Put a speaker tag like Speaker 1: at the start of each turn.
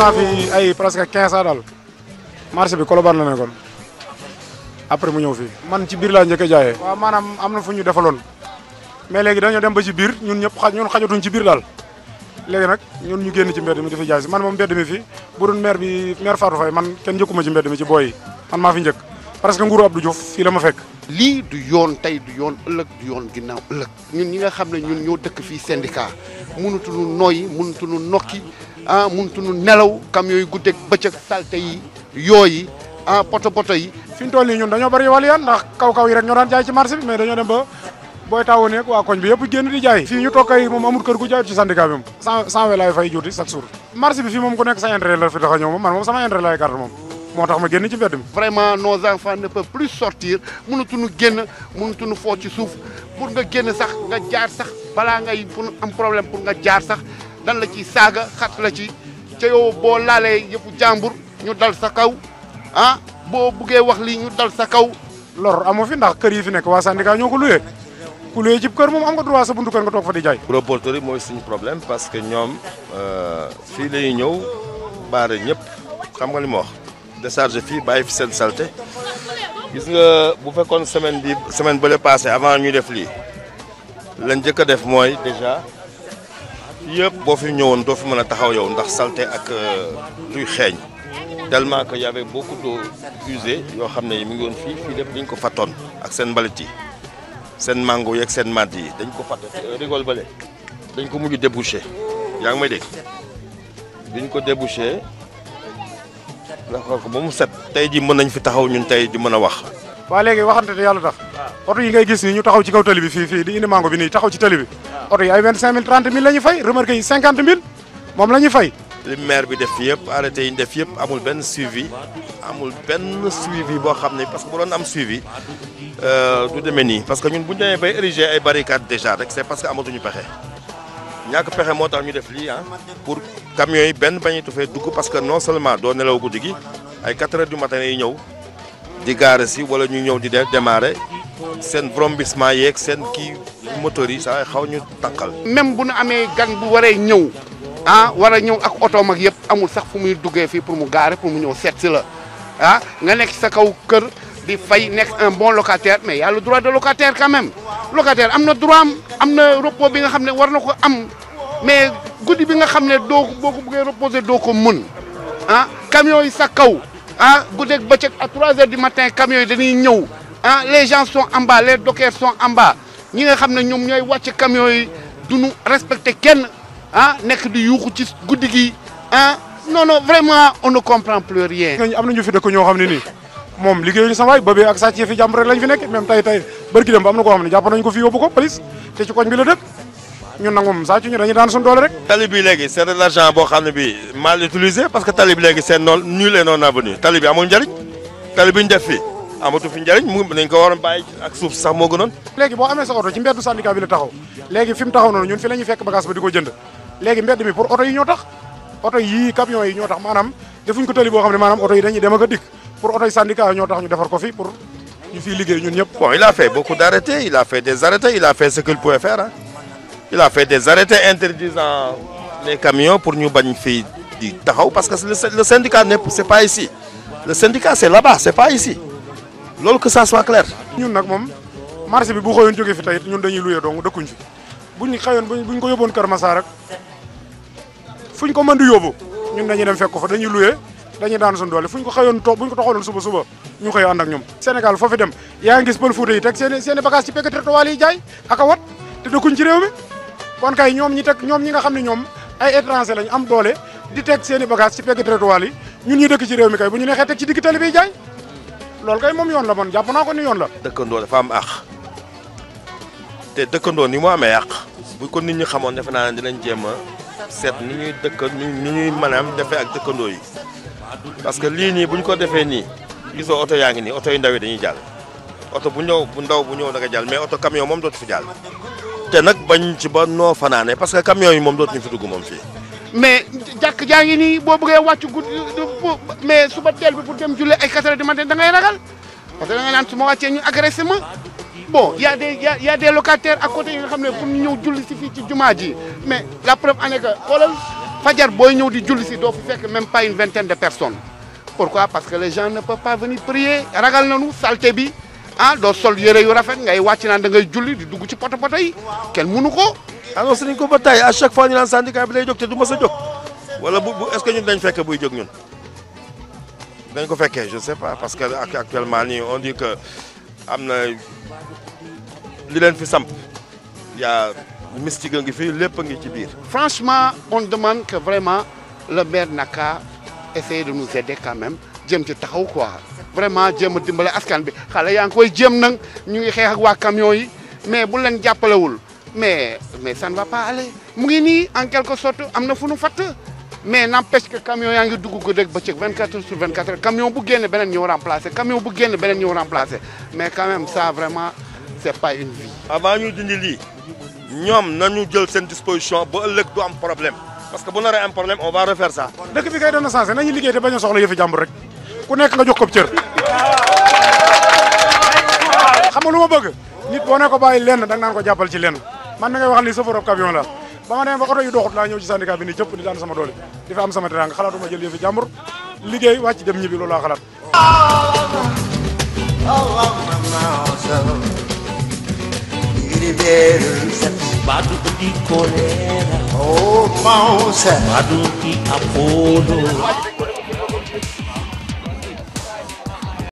Speaker 1: naa fi ay presque quinze ans daal marché bi Colobane la nekkoon après mu ñëw fii man ci biir laa njëkk a jaayee. waaw maanaam am na fu ñu defaloon mais léegi dañoo dem ba ci biir ñun ñëpp xa ñun xajatuñ ci biir daal léegi nag ñun ñu génn ci mbedd mi di fi jaay si man moom mbedd mi fii bu doon maire bi maire Fatou Faye man kenn njëkkuma ci mbedd mi ci booy man maa fi njëkk parce que nguuru Abdou Diouf fii la ma fekk. lii du yoon tey du yoon ëllëg du yoon ginnaaw ëllëg ñun ñi nga xam ne ñun ñoo dëkk
Speaker 2: fii syndicat mënatuñu nooyi mënatuñu ah mënutuñu nelaw camion yi
Speaker 1: guddeeg bëccëg salte yi yooyu ah poto poto yi. fi mu toll nii ñun dañoo bari wàllu ndax kaw-kaw yi rek ñoo daan jaay ci marché bi mais dañoo dem ba booy taawoo nekk waa koñ bi yëpp génn di jaay. fii ñu toog kay moom amul kër gu jaay ci syndicat bi moom. cent cent vingt laay fay juuti chaque jour. bi fii moom ku nekk sa intérêt la fi tax ñëw moom man moom sama intérêt laay garde moom. moo tax ma génn ci mbedd mi.
Speaker 2: vraiment nos enfants ne peuvent plus sortir mënatuñu pour nga génn sax nga jaar sax balaa ngay pour am problème pour nga jaar sax dan la ci saaga xat la ci ca yow boo laalee
Speaker 1: yëpp jàmbur ñu dal sa kaw ah boo buggee wax li ñu dal sa kaw. lor amu fi ndax kër yi fi nekk waa syndicat ñoo ko luyee ku luyee cib kër moom am nga droit sa buntu kër nga toog fa di jaay.
Speaker 3: proporteur yi mooy suñu problème parce que ñoom euh, fii la ñëw baare ñëpp xam nga li ma wax décharge fii bàyyi fi seen salte gis nga bu fekkoon semaine bi semaine bële passé avant ñu def lii lañ njëkk a def mooy déjà. yëpp boo fi ñëwoon doo fi mën a taxaw yow ndax salte ak euh, luy xeeñ tellement que y avait beaucoup d'eau yoo xam ne yi mu ngi woon fii fii lépp dañ ko fattoon ak seen mbalit yi seen mango yeeg seen màdd yi dañ ko fatt euh, rigol bale dañ ko mujj débouché yaa ngi may dégg biñ ko débouché la ko ba mu set tey ji mën nañ fi taxaw ñun tey di mën a wax
Speaker 1: waaw léegi waxante te yàlla tax oto yi ngay gis ni ñu taxaw ci kaw tali bi fii fii di indi mango bi nii taxaw ci tali bi oto yi ay vingt cinq mille trente mille la ñuy fay yi moom la ñuy fay
Speaker 3: maire bi def yëpp arrêté yi ñu def yëpp amul benn suivi amul benn suivi boo xam ne parce que bu doon am suivi euh, du demee nii parce que ñun bu ñu demee bay érigé ay barricades déjà rek c'est parce que amatuñu pexe ñàkk pexe moo tax ñu def lii ah pour camions benn bañuy tufee dugg parce que non seulement doo nelaw guddi gi ay 4 heures yi ñëw di gaare si wala ñu ñëw di de démarrer seen vrombissement yeeg seen kii moteur yi saa xaw ñu tànqal.
Speaker 2: même bu nu amee gan bu waree ñëw ah wara a ñëw ak oto mag yëpp amul sax fu muy duggee fii pour mu gaare pour mu ñëw seet si la ah nga nekk sa kaw kër di fay nekk un bon locataire mais y a le droit de locataire quand même am na droit am am na repos bi nga xam ne war na ko am mais guddi bi nga xam ne doo boo ko bëggee reposer doo ko mën ah camion yi sa kaw. ah guddeeg bëccëg a 3 heures du matin camions yi dañuy ñëw ah les gens sont en bas les dockers sont en bas ñi xam ne ñoom ñooy wàcc camions yi duñu respecté kenn ah nekk di yuuxu ci guddi gi ah non non vraiment
Speaker 1: on ne comprend plus rien. am na ñu fi dëkk ñoo xam ne nii moom liggéeyuñu sa waay bëbee ak sàcc yi fi lañ fi nekk même tay tay bërki dem am na koo xam ne jàpp nañu ko fi yóbbu ko police te ci koñ bi dëkk.
Speaker 3: ñu nangum sàcc ñu dañuy daan suñu doole rek. tali bi léegi c' boo xam ne bii mal utilisé parce que tali bi léegi c' est non nul et non avenu tali bi amul njëriñ tali ñu def fii amatu fi mu nañ ko waroon bàyyi ak suuf sax moo gënoon.
Speaker 1: boo amee sa oto ci mbeddu syndicat bi la taxaw léegi fi mu taxaw noonu ñun fi la ñu fekk bagage ba di ko jënd léegi mbedd mi pour oto yi ñoo tax oto yii camion yi ñoo tax maanaam defuñ ko tali boo xam a dikk pour oto yi syndicat ñoo
Speaker 3: a fait il a fait des arrêtés interdisant les camions pour ñu bañ fii di taxaw parce que le syndicat ne c'est pas ici le syndicat c'est là c'est pas ici loolu que ça soit clair.
Speaker 1: ñun nag moom marché bi bu xëyoon jógee fi tey ñun dañu luye dong dëkkuñ fi buñ xëyoon buñ ko yóbboon Kër Massar rek fuñ ko mën di yóbbu ñun dañuy dem fekk ko fa dañuy luye dañuy daan suñu doole fuñ ko xëyoon toog buñ ko taxawaloon suba suba ñu xëy ànd ak ñoom. Sénégal foofu dem yaa ngi gis pël Fuuta yi teg seen i a wat ci réew mi. kon kay ñoom ñi teg ñoom ñi nga xam ne ñoom ay étranger lañ am doole di teg seeni i bagage ci pegg trottoir yi ñun ñuy dëkk ci réew mi kay bu ñu neexee teg ci digg tali bi jaay lool kay moom yoon la man jàpp naa ko ni yoon la.
Speaker 3: dëkkandoo dafa am àq te dëkkandoo ni mu amee yàq bu ko nit ñi xamoon defe naa ne dinañ jéem a seet ni ñuy dëkk ni ñuy maanaam defee ak dëkkandoo yi parce que lii nii bu ñu ko defee nii gisoo oto yaa ngi nii oto yu ndaw yi dañuy jàll oto bu ñëw bu ndaw bu ñëw da nga jàll mais moom dootu fi jàll. te nag bañ ci ba noo fanaane parce que camion yi moom dootuñu fi dugg moom fii.
Speaker 2: mais jàkk jaa ngi nii boo bëggee wàcc guddi mais suba teel bi pour dem julli ay quatre heures du matin da ngay ragal parce que da ngay naan su ma wàccee ñu agressé ma bon ya a des y a yi nga xam ne pour ñu ñëw julli si fii ci jumaa ji mais la preuve en est fajar booy ñëw di julli si doo fi fekk même pas une vingtaine de personnes pourquoi parce que les gens ne peuvent pas venir ragal nañu salté bi. ah doo sol yére yu rafet ngay wàcc naan da ngay julli di dugg ci poto poto yi kenn munu ko. annoncé
Speaker 3: nañ ko ba tey à chaque fois ñu naan syndicat bi lay jóg te du mës a jóg wala bu est-ce que ñun dañ fekk buy jóg ñun. dañ ko fekkee je sais pas parce que actuellement ni on dit que am na li leen fi samp yaa mystique a ngi fi lépp a ngi ci biir.
Speaker 2: franchement on demande que vraiment le maire Naka essaye de nous d quand même. jéem ci taxaw quoi vraiment jéem a dimbale askan bi xale yaa ngi koy jéem nag ñu ngi xeex ak waa camion yi mais bu leen jàppalewul mais mais ça va pas aller mu ngi nii en quelque sorte am na fu nu fatt mais n'empêche que camion yaa ngi dugg ko dégg bëccëg 24 heures sur 24 heures camion bu génn beneen ñëw remplacé camion bu génn beneen ñëw remplacé mais quand même vraiment c'est pas
Speaker 3: une vie. avant ñu dindi lii ñoom nañu jël seen disposition ba ëllëg du am a
Speaker 1: soxla yëfi ku nekk nga jox ko cër xam nga lu ma bëgg nit boo ko bàyyi lenn danga naan ko jàppal ci lenn man mi ngay wax ni chauffeur camion la ba ma demee ba oto yu doxut laa ñëw ci syndicat bi ni daan sama doole di fa am sama teraanga xalaatuma jël yëfi jàmbur liggéey wàcc dem ñibbi loolu laa
Speaker 3: xalaat